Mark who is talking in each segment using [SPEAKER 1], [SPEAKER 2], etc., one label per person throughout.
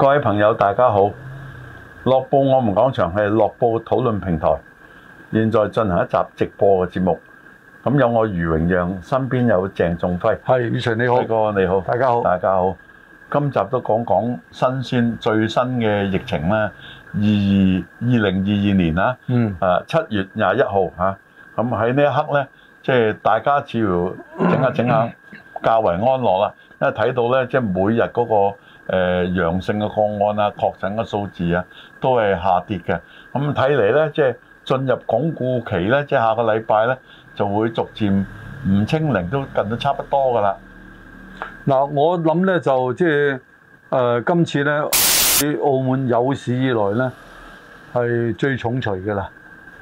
[SPEAKER 1] 各位朋友，大家好！樂報我們講場係樂報討論平台，現在進行一集直播嘅節目。咁有我余榮讓，身邊有鄭仲輝，係余 Sir，你好，大哥你好，大家好，大家好。今集都講講新鮮最新嘅疫情啦，二二二零二二年啦，嗯，啊七月廿一號嚇，咁喺呢一刻呢，即係大家似乎整下整下較為安樂啦，因為睇到呢即係每日嗰個。誒、呃、陽性嘅個案啊，確診嘅數字啊，都係下跌嘅。咁睇嚟咧，即、就、係、是、進入鞏固期咧，即、就、係、是、下個禮拜咧就會逐漸唔清零，都近到差不多㗎喇。嗱，我
[SPEAKER 2] 諗咧就即係誒、呃、今次咧喺澳門有史以來咧係最重除嘅啦。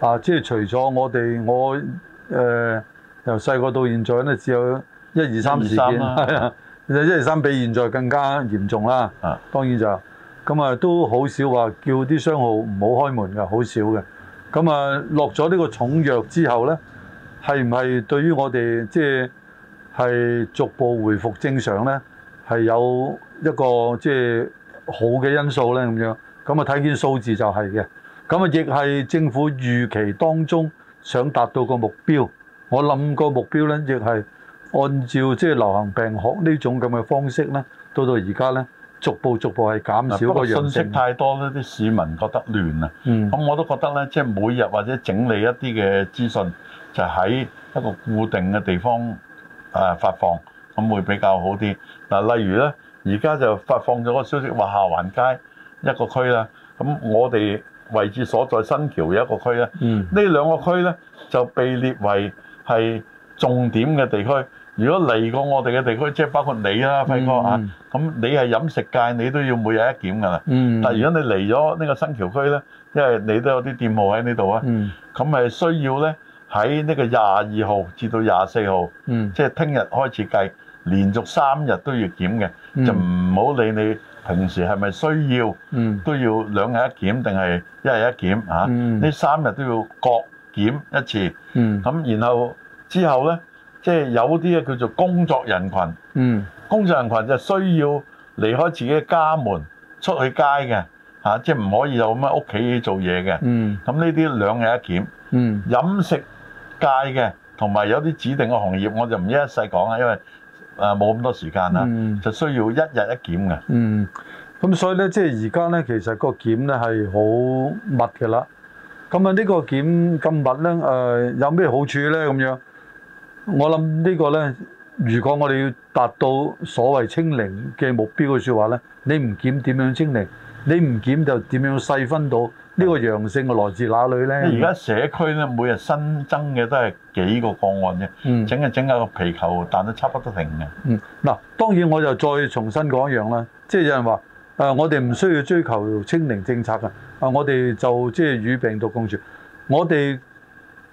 [SPEAKER 2] 啊，即係除咗我哋我誒由細個到現在咧，只有一二三事件。1> 1, 2, 一二三比現在更加嚴重啦。啊，當然就咁啊，都好少話叫啲商號唔好開門嘅，好少嘅。咁啊，落咗呢個重藥之後咧，係唔係對於我哋即係係逐步回復正常咧？係有一個即係、就是、好嘅因素咧咁樣。咁啊，睇見數字就係嘅。咁啊，亦係政府預期當中想達到個目標。我諗個目標咧亦係。按照即係流行病學呢種咁嘅方式咧，到到而家咧，逐步逐步係減少個陽性。不過信息太
[SPEAKER 1] 多咧，啲市民覺得亂啊。嗯，咁我都覺得咧，即係每日或者整理一啲嘅資訊，就喺一個固定嘅地方誒發放，咁會比較好啲。嗱，例如咧，而家就發放咗個消息，話下環街一個區啦。咁我哋位置所在新橋一個區咧，嗯，呢兩個區咧就被列為係重點嘅地區。如果嚟過我哋嘅地區，即係包括你啦，輝哥嚇，咁你係飲食界，你都要每日一檢㗎啦。嗯，但係如果你嚟咗呢個新橋區咧，因為你都有啲店鋪喺呢度啊，嗯，咁係需要咧喺呢個廿二號至到廿四號，即係聽日開始計，連續三日都要檢嘅，就唔好理你平時係咪需要，都要兩日一檢定係一日一檢嚇，呢三日都要各檢一次。嗯，咁然後之後咧。即係有啲咧叫做工作人群，嗯，工作人群就需要離開自己嘅家門出去街嘅，嚇，即係唔可以就咁樣喺屋企做嘢嘅，嗯，咁呢啲兩日一檢，嗯，飲食界嘅同埋有啲指定嘅行業，我就唔一一細講啦，因為誒冇咁多時間啦，就需要一日一檢嘅，
[SPEAKER 2] 嗯，咁所以咧即係而家咧其實個檢咧係好密嘅啦，咁啊呢個檢咁密咧誒有咩好處咧咁樣？我諗呢個呢，如果我哋要達到所謂清零嘅目標嘅說話呢，你唔檢點樣清零？你唔檢就點樣細分到呢個陽性嘅來自哪裏呢？而家社
[SPEAKER 1] 區呢，每日新增嘅都係幾個個案啫，整下整下個皮球彈得差不多停嘅。嗯，嗱，當然我就再
[SPEAKER 2] 重新講一樣啦，即係有人話誒、呃，我哋唔需要追求清零政策嘅，啊、呃，我哋就即係與病毒共存，我哋。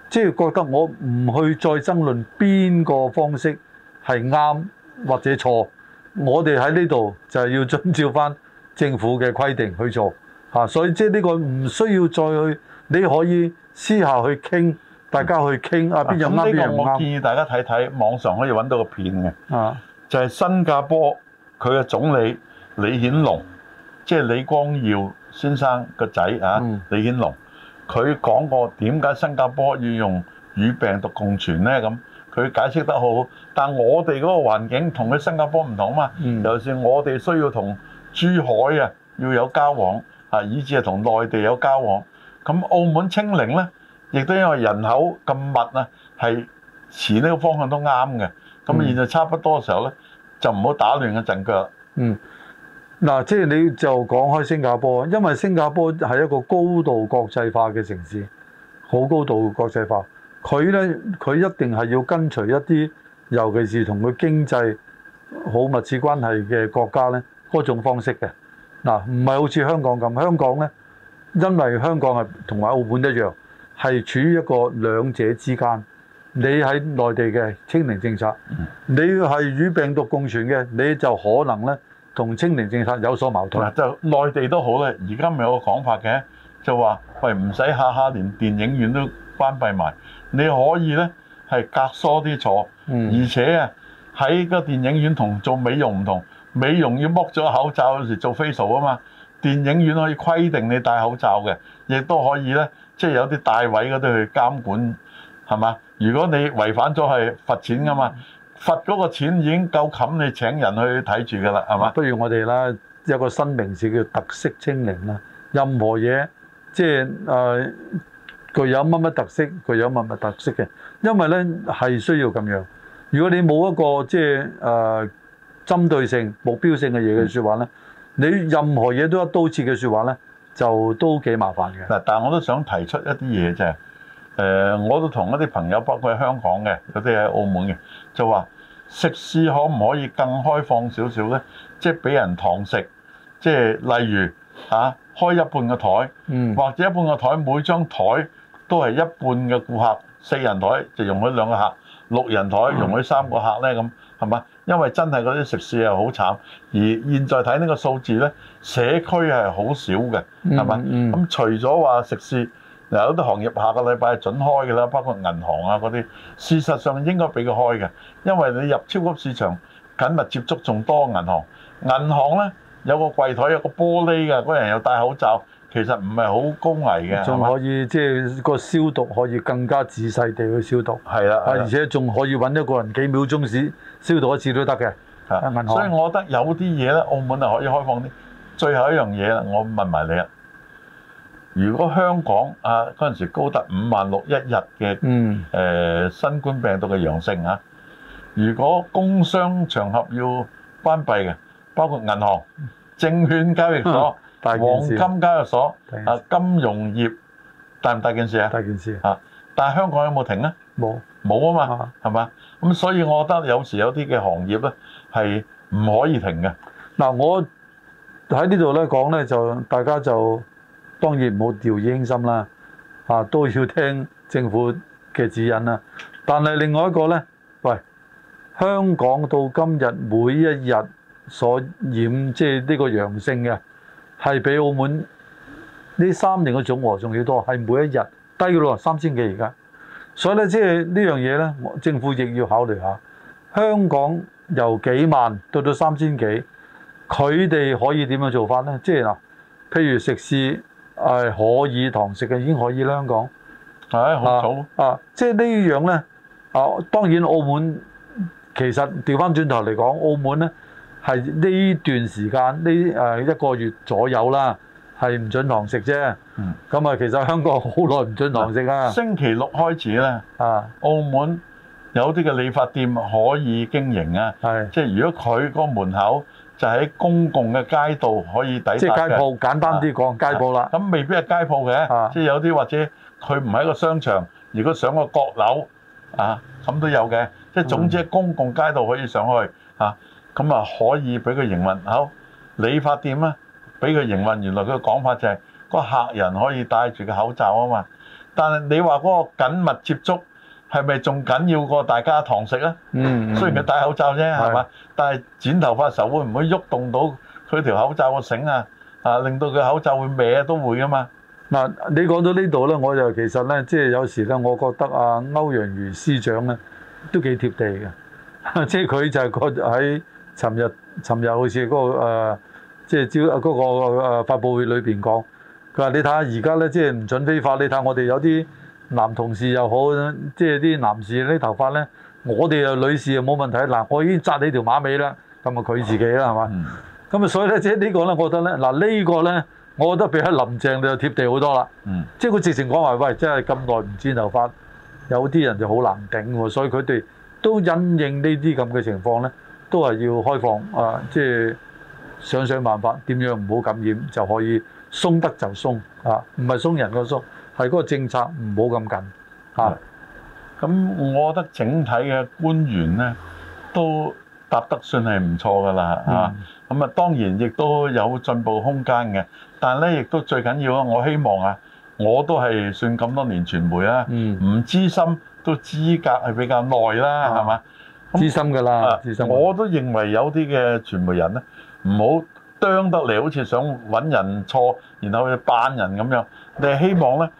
[SPEAKER 2] 即係覺得我唔去再爭論邊個方式係啱或者錯，我哋喺呢度就係要遵照返政府嘅規定去做嚇，所以即係呢個唔需要再去，你可以私下去傾，大家去傾、嗯、啊。邊個啱，我建議
[SPEAKER 1] 大家睇睇網上可以揾到個片嘅，就係新加坡佢嘅總理李顯龍，即、就、係、是、李光耀先生個仔啊，嗯、李顯龍。佢講過點解新加坡要用與病毒共存呢？咁佢解釋得好好。但我哋嗰個環境同佢新加坡唔同啊嘛。就算、嗯、我哋需要同珠海啊要有交往，啊，以至係同內地有交往，咁澳門清零呢，亦都因為人口咁密啊，係前呢個方向都啱嘅。咁現在差不多嘅時候呢，就唔好打亂個陣腳，嗯。嗯。
[SPEAKER 2] 嗱，即係你就講開新加坡，因為新加坡係一個高度國際化嘅城市，好高度國際化，佢咧，佢一定係要跟隨一啲，尤其是同佢經濟好密切關係嘅國家咧嗰種方式嘅。嗱，唔係好似香港咁，香港咧，因為香港係同埋澳門一樣，係處於一個兩者之間。你喺內地嘅清零政策，你係與病毒共存嘅，你就可
[SPEAKER 1] 能咧。同清零政策有所矛盾。就內地都好咧，而家咪有個講法嘅，就話：喂，唔使下下連電影院都關閉埋，你可以呢係隔疏啲坐。而且啊，喺個電影院同做美容唔同，美容要剝咗口罩嗰時做 facial 啊嘛，電影院可以規定你戴口罩嘅，亦都可以呢，即係有啲大位嗰度去監管，係嘛？如果你違反咗係罰錢噶嘛。罰嗰個錢已經夠冚你請人去睇住㗎啦，係嘛？不
[SPEAKER 2] 如我哋啦，有個新名字叫特色清零啦。任何嘢即係誒具有乜乜特色，具有乜乜特色嘅，因為咧係需要咁樣。如果你冇一個即係誒、呃、針對性、
[SPEAKER 1] 目標性嘅嘢嘅説話咧，嗯、你任何嘢都一刀切嘅説話咧，就都幾麻煩嘅。嗱，但係我都想提出一啲嘢啫。誒、呃，我都同一啲朋友，包括喺香港嘅，有啲喺澳門嘅，就話。食肆可唔可以更開放少少咧？即係俾人堂食，即係例如嚇、啊、開一半嘅台，嗯、或者一半嘅台每張台都係一半嘅顧客，四人台就容許兩個客，六人台容許三個客咧咁，係嘛、嗯？因為真係嗰啲食肆係好慘，而現在睇呢個數字咧，社區係好少嘅，係嘛？咁、嗯嗯、除咗話食肆。嗱，好多行業下個禮拜係準開嘅啦，包括銀行啊嗰啲。事實上應該俾佢開嘅，因為你入超級市場緊密接觸仲多銀行。銀行咧有個櫃枱有個玻璃嘅，嗰人又戴口罩，其實唔係好高危嘅。仲可
[SPEAKER 2] 以即係個消毒可以更加仔細地去消毒。係啦，而且
[SPEAKER 1] 仲可以揾一個人幾秒鐘時消毒一次都得嘅。銀行。所以我覺得有啲嘢咧，澳門係可以開放啲。最後一樣嘢啦，我問埋你啊。如果香港啊嗰陣時高達五萬六一日嘅誒新冠病毒嘅陽性啊，如果工商場合要關閉嘅，包括銀行、證券交易所、黃金交易所啊，金融業大唔大件事啊？大件事啊！但係香港有冇停啊？冇冇啊嘛，係嘛？咁所以我覺得有時有啲嘅行業咧係唔可以停嘅。嗱，我喺呢度咧講咧就大家就。當然冇
[SPEAKER 2] 掉以輕心啦，啊都要聽政府嘅指引啦。但係另外一個咧，喂，香港到今日每一日所染即係呢個陽性嘅，係比澳門呢三年嘅總和仲要多，係每一日低咗落三千幾而家。所以咧，即係呢樣嘢咧，政府亦要考慮下，香港由幾萬到到三千幾，佢哋可以點樣做法咧？即係嗱，譬如食肆。係可以堂食嘅，已經可以啦。香港係好早啊，即係呢樣咧啊。當然澳門其實調翻轉頭嚟講，澳門咧係呢段時間呢誒一個月左右啦，係唔準堂食啫。嗯，
[SPEAKER 1] 咁啊，其實香港好耐唔準堂食啊。星期六開始咧，啊，澳門有啲嘅理髮店可以經營啊。係，即係如果佢個門口。就喺公共嘅街道可以抵達嘅，即係街鋪，簡單啲講街鋪啦。咁未必係街鋪嘅，啊、即係有啲或者佢唔喺個商場，如果上個閣樓啊，咁都有嘅。即係總之，喺公共街道可以上去啊，咁啊可以俾佢營運。好理髮店啊，俾佢營運。原來佢嘅講法就係個客人可以戴住個口罩啊嘛，但係你話嗰個緊密接觸。係咪仲緊要過大家堂食咧？
[SPEAKER 2] 雖然佢戴
[SPEAKER 1] 口罩啫，係嘛？但係剪頭髮嘅時候會唔會喐動到佢條口罩個繩啊？啊，令到佢口罩會歪都會噶嘛？
[SPEAKER 2] 嗱，你講到呢度咧，我就其實咧，即係有時咧，我覺得啊，歐陽瑜司長咧都幾貼地嘅。即係佢就係個喺尋日，尋日好似嗰個誒，即係招嗰個誒發佈會裏邊講，佢話你睇下而家咧，即係唔準非法，你睇下我哋有啲。男同事又好，即係啲男士啲頭髮咧，我哋啊女士又冇問題。嗱，我已經紮你條馬尾啦，咁咪佢自己啦，係嘛、嗯？咁啊，所以咧，即係呢個咧，我覺得咧，嗱、呢個、呢個咧，我覺得比起林鄭就貼地好多啦。嗯，即係佢直情講話，喂，真係咁耐唔剪頭髮，有啲人就好難頂喎。所以佢哋都因應呢啲咁嘅情況咧，都係要開放啊，即係想想辦法點樣唔好感染就可以鬆得就鬆啊，唔
[SPEAKER 1] 係鬆人個鬆。啊係嗰個政策唔好咁緊嚇，咁我覺得整體嘅官員咧都答得算係唔錯㗎啦嚇，咁啊當然亦都有進步空間嘅，但係咧亦都最緊要啊！我希望啊，我都係算咁多年傳媒啦，唔資深都資格係比較耐啦，係嘛？資深㗎啦，資深我都認為有啲嘅傳媒人咧唔好啄得嚟，好似想揾人錯，然後去扮人咁樣，你係希望咧？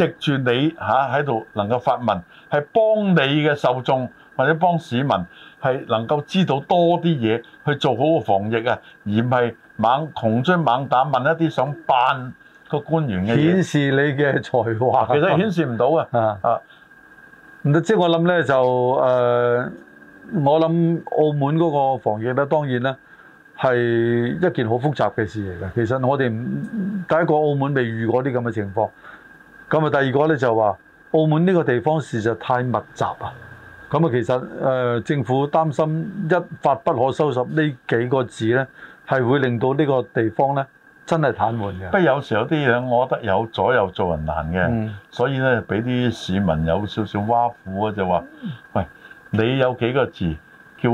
[SPEAKER 1] 藉住你吓喺度能夠發問，係幫你嘅受眾或者幫市民係能夠知道多啲嘢去做好個防疫啊，而唔係猛窮追猛打問一啲想扮個官員嘅嘢，顯
[SPEAKER 2] 示你嘅才華。其實顯
[SPEAKER 1] 示唔到啊啊！啊即係我諗咧
[SPEAKER 2] 就誒，我諗、呃、澳門嗰個防疫咧，當然咧係一件好複雜嘅事嚟嘅。其實我哋第一個澳門未遇過啲咁嘅情況。咁啊，第二個咧就話澳門呢個地方事實太密集啊！咁啊，其實誒、呃、政府擔心一發不可收拾呢幾個字咧，係會令到呢個地方咧真係癱瘓嘅。
[SPEAKER 1] 不過有時有啲嘢，我覺得有左右做人難嘅，嗯、所以咧俾啲市民有少少挖苦啊，就話，喂，你有幾個字叫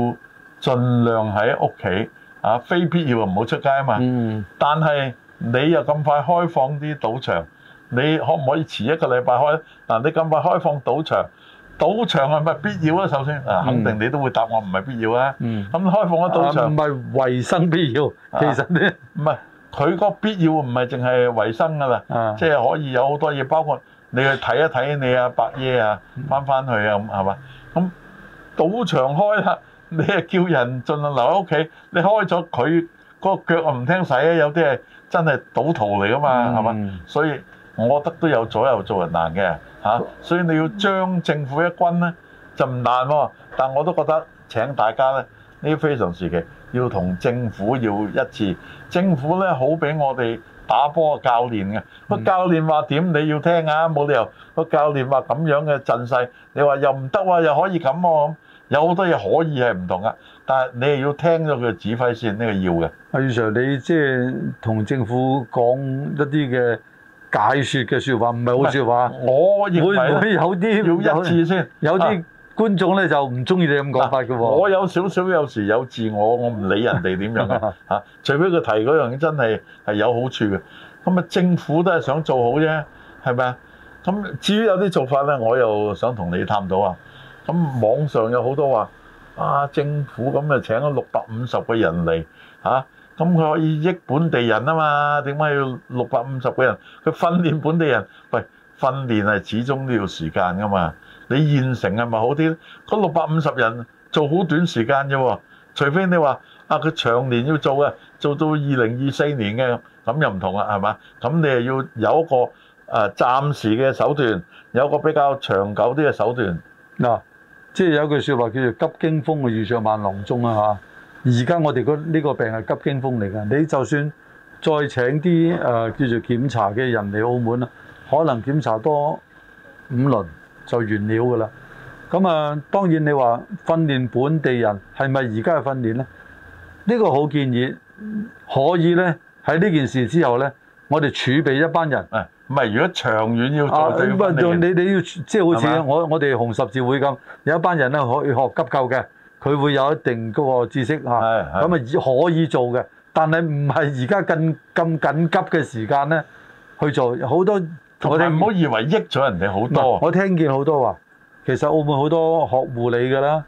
[SPEAKER 1] 盡量喺屋企啊，非必要唔好出街啊嘛。嗯、但係你又咁快開放啲賭場？你可唔可以遲一個禮拜開？嗱、啊，你咁快開放賭場，賭場係咪必要啊？首先，嗱、啊，肯定你都會答我唔係必要啊。咁、嗯、開放個賭場唔係衞生必要，其實咧唔係佢個必要唔係淨係衞生噶啦，啊、即係可以有好多嘢，包括你去睇一睇你阿伯爺啊，翻翻、啊、去啊咁係嘛？咁賭場開啦，你係叫人盡量留喺屋企。你開咗佢嗰個腳啊唔聽使啊，有啲係真係賭徒嚟噶嘛係嘛、嗯？所以。我覺得都有左右做人難嘅嚇、啊，所以你要將政府一軍呢，就唔難喎、啊。但我都覺得請大家呢，呢非常時期要同政府要一致。政府呢，好比我哋打波嘅教練嘅、啊、個教練話點你要聽啊，冇理由個教練話咁樣嘅陣勢，你話又唔得喎，又可以咁喎、啊，有好多嘢可以係唔同噶。但係你又要聽咗佢指揮先，呢、呢個要嘅。
[SPEAKER 2] 阿，余 sir，你即係同政府講一啲嘅。解説嘅說法唔係好說法，嗯、我認為有啲要一致先。啊、有啲觀
[SPEAKER 1] 眾咧就唔中意你咁講法嘅喎、啊啊。我有少少有時有自我，我唔理人哋點樣 啊。除非佢提嗰樣嘢真係係有好處嘅，咁啊政府都係想做好啫，係咪啊？咁至於有啲做法咧，我又想同你探討啊。咁、啊、網上有好多話啊，政府咁啊請咗六百五十個人嚟嚇。咁佢可以益本地人啊嘛？點解要六百五十個人？佢訓練本地人，唔係訓練係始終都要時間噶嘛？你現成係咪好啲咧？六百五十人做好短時間啫喎，除非你話啊，佢長年要做啊，做到二零二四年嘅，咁又唔同啦，係嘛？咁你係要有一個啊暫時嘅手段，有一個比較長久啲嘅手段嗱、
[SPEAKER 2] 啊，即係有句説話叫做急驚風遇上慢郎中啊嚇。而家我哋個呢個病係急驚風嚟㗎，你就算再請啲誒、呃、叫做檢查嘅人嚟澳門啦，可能檢查多五輪就完了㗎啦。咁啊，當然你話訓練本地人係咪而家嘅訓練咧？呢、呢個好建議可以咧，喺呢件事之後咧，我哋儲備一班人。唔係、啊，如果長遠要做對本、啊、你哋要即係、就是、好似我我哋紅十字會咁，吧有一班人咧可以學急救嘅。佢會有一定個知識嚇，咁啊係係可以做嘅，但係唔係而家咁咁緊急嘅時間咧去做好多。
[SPEAKER 1] 我哋唔好以為益咗人哋好多。我聽，、啊啊、我
[SPEAKER 2] 聽見好多話，其實澳門好多學護理嘅啦，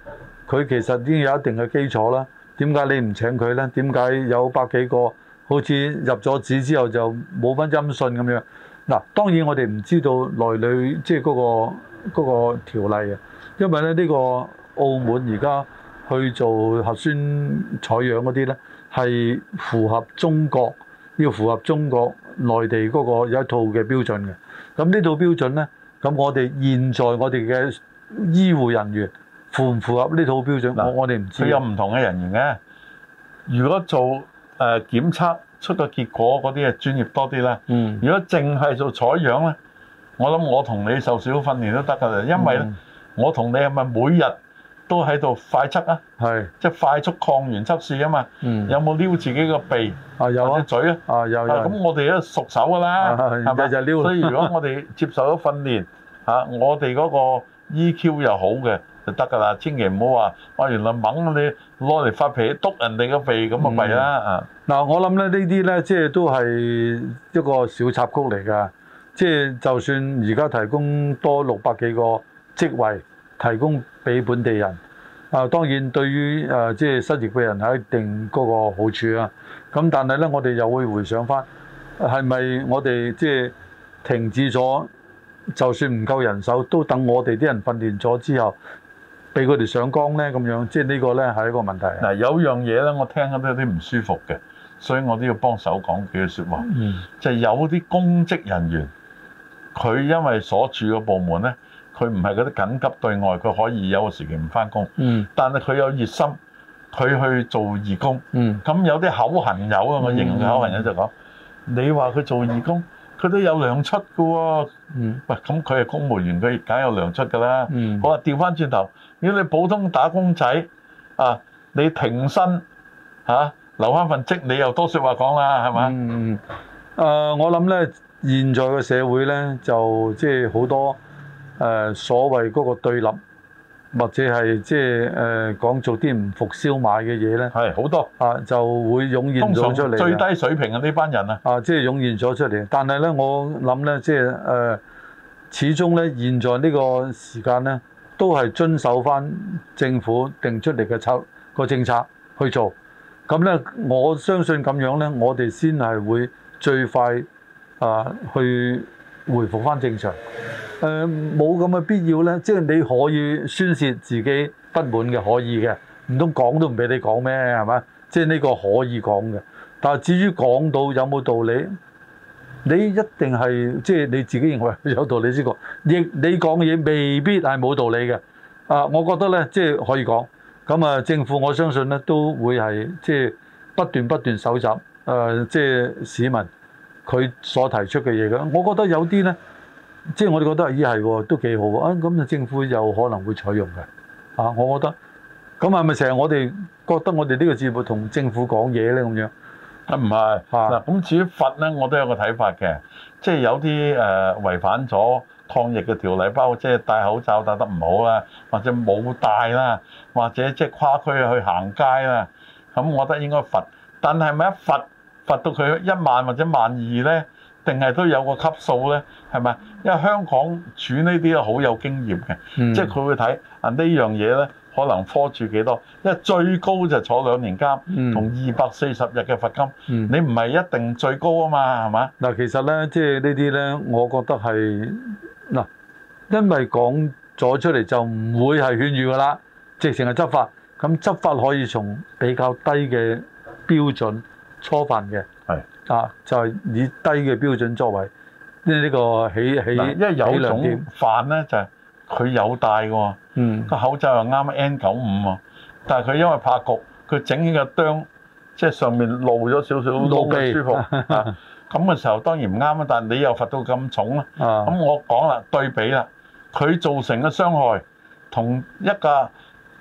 [SPEAKER 2] 佢其實已經有一定嘅基礎啦。點解你唔請佢咧？點解有百幾個好似入咗紙之後就冇返音訊咁樣？嗱、啊，當然我哋唔知道內裏即係嗰個嗰、嗰個、條例啊，因為咧呢、呢個澳門而家。去做核酸採樣嗰啲咧，係符合中國要符合中國內地嗰個有一套嘅標準嘅。咁呢套標準咧，咁我哋現在我哋嘅醫護人員
[SPEAKER 1] 符唔符合呢套標準？我我哋唔知。佢有唔同嘅人員嘅。如果做誒檢測出嘅結果嗰啲係專業多啲啦。嗯。如果淨係做採樣咧，我諗我同你受少訓練都得㗎啦，因為咧，我同你係咪每日？都喺度快測啊！係即係快速抗原測試啊嘛！有冇撩自己個鼻啊？有啊！嘴啊？啊有有，咁我哋都熟手㗎啦，係咪就撩？所以如果我哋接受咗訓練嚇，我哋嗰個 EQ 又好嘅就得㗎啦。千祈唔好話啊！原來猛你攞嚟發脾督人哋個鼻咁啊，咪啦啊！
[SPEAKER 2] 嗱，我諗咧呢啲咧即係都係一個小插曲嚟㗎。即係就算而家提供多六百幾個職位。提供俾本地人，啊當然對於誒即係失業嘅人係一定嗰個好處啊，咁、啊、但係咧我哋又會回想翻，係咪我哋即係停止咗，就算唔夠人手，都等我哋啲人訓練咗之後，
[SPEAKER 1] 俾佢哋上崗咧咁樣，即係呢個咧係一個問題，啊。嗱、啊、有樣嘢咧，我聽都有啲唔舒服嘅，所以我都要幫手講幾句説話。嗯，就係有啲公職人員，佢因為所住嘅部門咧。佢唔係嗰啲緊急對外，佢可以有個時期唔翻工。嗯，但係佢有熱心，佢去做義工。嗯，咁有啲口痕友啊，我形容口痕友就講：你話佢做義工，佢都有糧出嘅喎。嗯，喂，咁佢係公務員，佢梗有糧出㗎啦。嗯，我話調翻轉頭，如果你普通打工仔啊，你停薪嚇留翻份職，你又多説話講啦，係咪？嗯嗯。誒，我諗咧，現在嘅社
[SPEAKER 2] 會咧，就即係好多。誒、呃、所謂嗰個對立，或者係即係誒講做啲唔復銷買嘅嘢咧，係好多啊就會湧現咗出嚟。最低水平啊！呢班人啊，啊即係湧現咗出嚟。但係咧，我諗咧，即係誒始終咧，現在呢個時間咧，都係遵守返政府定出嚟嘅策個政策去做。咁咧，我相信咁樣咧，我哋先係會最快啊、呃、去。回復翻正常。誒冇咁嘅必要咧，即係你可以宣泄自己不滿嘅，可以嘅，唔通講都唔俾你講咩？係咪？即係呢個可以講嘅，但係至於講到有冇道理，你一定係即係你自己認為有道理先講。亦你講嘢未必係冇道理嘅。啊，我覺得咧，即係可以講。咁啊，政府我相信咧都會係即係不斷不斷搜集，誒即係市民。佢所提出嘅嘢咁，我覺得有啲咧，即係我哋覺得咦係都幾好啊！咁啊，政府有可能會採用嘅啊，我覺得。咁啊，係咪成日我哋覺得我哋呢個節目同政府講嘢咧咁
[SPEAKER 1] 樣，啊唔係啊。嗱咁至於罰咧，我都有個睇法嘅，即係有啲誒、呃、違反咗抗疫嘅條例，包括即係戴口罩戴得唔好啦，或者冇戴啦，或者即係跨區去行街啦，咁我覺得應該罰。但係咪一罰？罰到佢一萬或者萬二咧，定係都有個級數咧，係咪？因為香港處呢啲啊好有經驗嘅，嗯、即係佢會睇啊、呢個、呢樣嘢咧，可能科住幾多，因為最高就坐兩年監，同二百四十日嘅罰金，嗯、你唔係一定最高啊嘛，係嘛？嗱，其實咧，即、就、係、係、呢啲咧，我覺
[SPEAKER 2] 得係嗱，因為講咗出嚟就唔會係勸喻噶啦，直情係執法。咁執法可以從比較低嘅標準。
[SPEAKER 1] 初犯嘅，係是啊，就係、是、以低嘅標準作為呢呢、這個起起。因為有種呢兩點犯咧，就係佢有戴嘅喎，個、嗯、口罩又啱 N 九五啊。但係佢因為怕焗，佢整起個釘，即係上面露咗少少，露得舒服露機 啊。咁嘅時候當然唔啱啊，但係你又罰到咁重啦。咁、啊嗯、我講啦，對比啦，佢造成嘅傷害同一架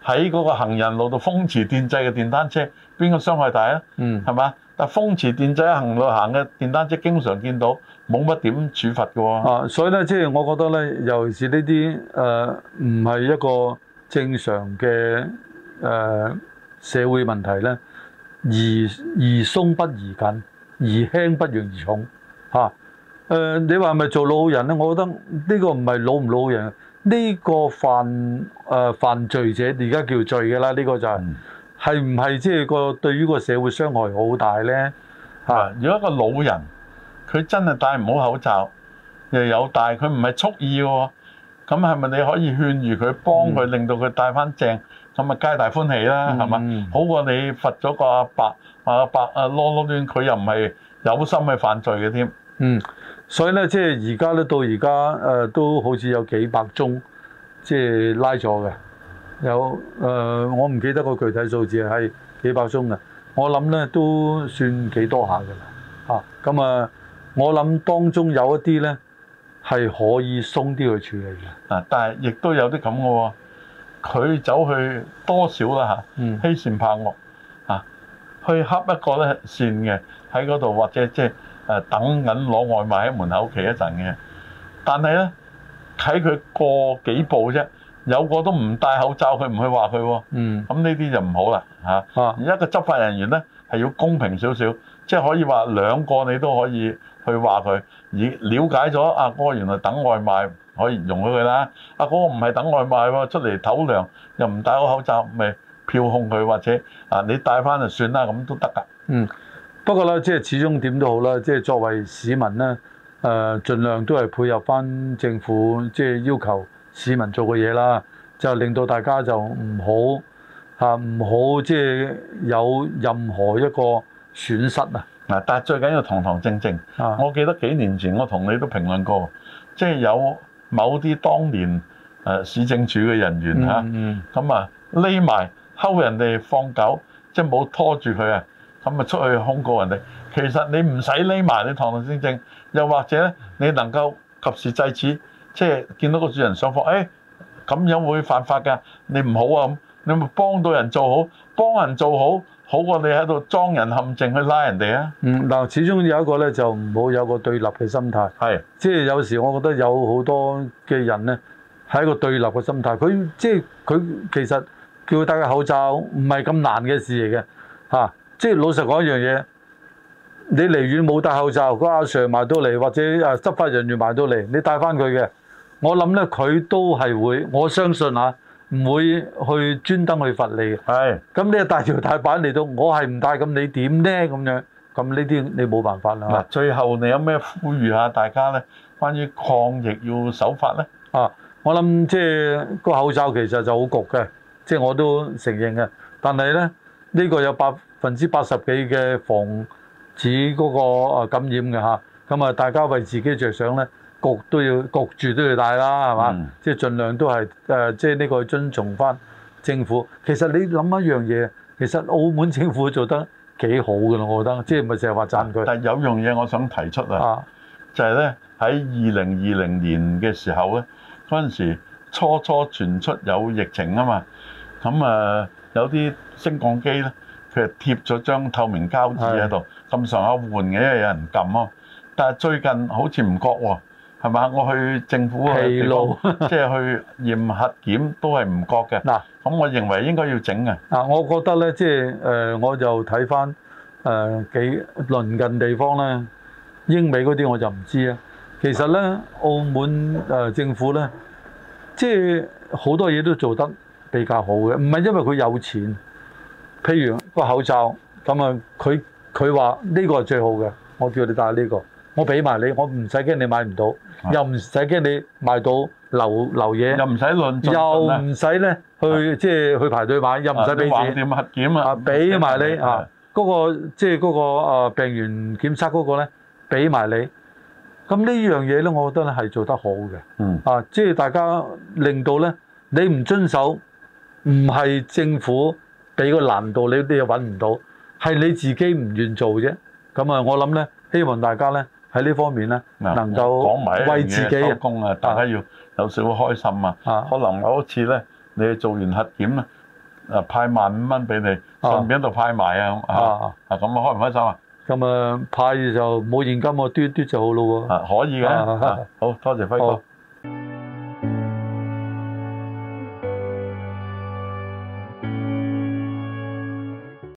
[SPEAKER 1] 喺嗰個行人路度風馳電掣嘅電單車，邊個傷害大咧？嗯，係嘛？但係風馳電掣行路行嘅電單車，經常見到冇乜點處罰嘅喎、啊。
[SPEAKER 2] 啊，所以咧，即、就、係、是、我覺得咧，尤其是呢啲誒唔係一個正常嘅誒、呃、社會問題咧，而而鬆不而緊，而輕不容而重嚇。誒、啊呃，你話係咪做老人咧？我覺得呢個唔係老唔老人，呢、這個犯誒、呃、犯罪者而家叫罪嘅啦。呢、這個就係、是。嗯係唔係即係個對於個社會傷害好
[SPEAKER 1] 大咧？嚇！如果一個老人佢真係戴唔好口罩，又有戴，佢唔係蓄意喎，咁係咪你可以勸喻佢，幫佢令到佢戴翻正，咁咪皆大歡喜啦？係嘛，好過你罰咗個阿伯、阿伯、阿囉囉攣，佢又唔係有心去犯罪嘅添。嗯，所以咧，即係而家
[SPEAKER 2] 咧，到而家誒都好似有幾百宗，即係拉咗嘅。有誒、呃，我唔記得個具體數字係幾百宗㗎。我諗咧都算幾多下㗎啦。嚇、啊，咁啊，我諗當中有一啲咧
[SPEAKER 1] 係可以鬆啲去處理嘅。啊，但係亦都有啲咁嘅喎。佢走去多少啦嚇？欺、啊、善怕惡啊，去恰一個咧善嘅喺嗰度，或者即係誒等緊攞外賣喺門口企一陣嘅。但係咧睇佢過幾步啫。有個都唔戴口罩，佢唔去話佢喎。嗯，咁呢啲就唔好啦吓。啊、而家個執法人員呢，係要公平少少，即係可以話兩個你都可以去話佢，而瞭解咗啊哥原來等外賣可以容許佢啦。啊哥唔係等外賣喎，出嚟唞涼又唔戴好口罩，咪票控佢或者啊你戴翻就算啦，咁都得㗎。嗯，
[SPEAKER 2] 不過呢，即係始終點都好啦，即係作為市民呢，誒、呃，儘量都係配合翻政府即係要求。市民做嘅嘢啦，就令到大家就唔好嚇，啊，唔好即係有任何一個
[SPEAKER 1] 損失啊！嗱，但係最緊要堂堂正正。啊、我記得幾年前我同你都評論過，即係有某啲當年誒市政處嘅人員嚇，咁、嗯嗯、啊匿埋睺人哋放狗，即係冇拖住佢啊，咁啊出去控告人哋。其實你唔使匿埋，你堂堂正正，又或者你能夠及時制止。即係見到個主人上課，誒、哎、咁樣會犯法㗎，你唔好啊！咁你咪幫到人做好，幫人做好好過你喺度裝人陷阱去拉人哋啊！
[SPEAKER 2] 嗯，嗱，始終有一個咧，就唔好有個對立嘅心態。係的，即係有時我覺得有好多嘅人咧，係一個對立嘅心態。佢即係佢其實叫戴個口罩唔係咁難嘅事嚟嘅嚇。即係老實講一樣嘢，你離遠冇戴口罩，個阿 Sir 埋到嚟或者誒執法人員埋到嚟，你戴翻佢嘅。我諗咧，佢都係會，我相信啊，唔會去專登去罰你嘅。係。咁你帶條大板嚟到，我係唔帶，咁你點咧？咁樣咁呢啲你冇辦法
[SPEAKER 1] 啦。嗱，最後你有咩呼籲下大家咧？關於抗疫要守法咧。啊，我諗即係個口罩其實就好焗嘅，
[SPEAKER 2] 即係我都承認嘅。但係咧，呢個有百分之八十幾嘅防止嗰個啊感染嘅嚇。咁啊，大家為自己著想咧。焗都要焗住都要帶啦，係嘛？即係儘量都係誒，即係呢個遵從翻政府。其實你諗一樣嘢，其實澳門政府做得幾好㗎咯，我覺
[SPEAKER 1] 得，即係咪成日話讚佢？但係有樣嘢我想提出啊，就係咧，喺二零二零年嘅時候咧，嗰陣時初初傳出有疫情啊嘛，咁啊有啲升降機咧，佢係貼咗張透明膠紙喺度咁上下換嘅，因為有人撳咯。但係最近好似唔覺喎。係嘛？我去政府嘅路，疲露 即係去驗核檢都係唔覺嘅。嗱，咁我認為應該要整嘅。嗱，
[SPEAKER 2] 我覺得咧，即係誒，我就睇翻誒幾鄰近地方咧，英美嗰啲我就唔知啊。其實咧，澳門誒、呃、政府咧，即係好多嘢都做得比較好嘅，唔係因為佢有錢。譬如個口罩咁啊，佢佢話呢個係最好嘅，我叫你戴呢、這個。我俾埋你，我唔使驚你買唔到，又唔使驚你買到流流嘢，又唔使輪，又唔使咧去即係去排隊買，又唔使俾錢驗核
[SPEAKER 1] 檢啊，俾埋你啊，
[SPEAKER 2] 嗰個即係嗰個啊病原檢測嗰個咧俾埋你。咁呢樣嘢咧，我覺得咧係做得好嘅。嗯啊，即係大家令到咧，你唔遵守，
[SPEAKER 1] 唔係
[SPEAKER 2] 政府俾個難度，你你又揾唔到，係你自己唔願
[SPEAKER 1] 做啫。咁啊，我諗咧，希望大家咧。喺呢方面咧，能夠為自己收工啊，大家要有少少開心啊。可能嗰次咧，你做完核檢咧，啊派萬五蚊俾你，順便度派埋啊。啊，咁啊開唔開心啊？
[SPEAKER 2] 咁啊派就冇現金喎，嘟一嘟就好咯喎。可以㗎。好
[SPEAKER 1] 多謝輝哥。